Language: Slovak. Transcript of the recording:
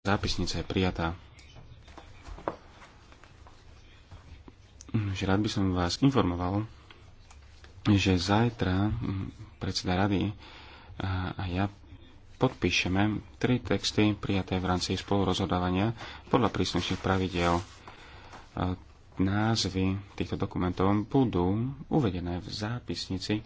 Zápisnica je prijatá. Že rád by som vás informoval, že zajtra mm, predseda rady a ja podpíšeme tri texty prijaté v rámci spolurozhodávania podľa príslušných pravidel. Názvy týchto dokumentov budú uvedené v zápisnici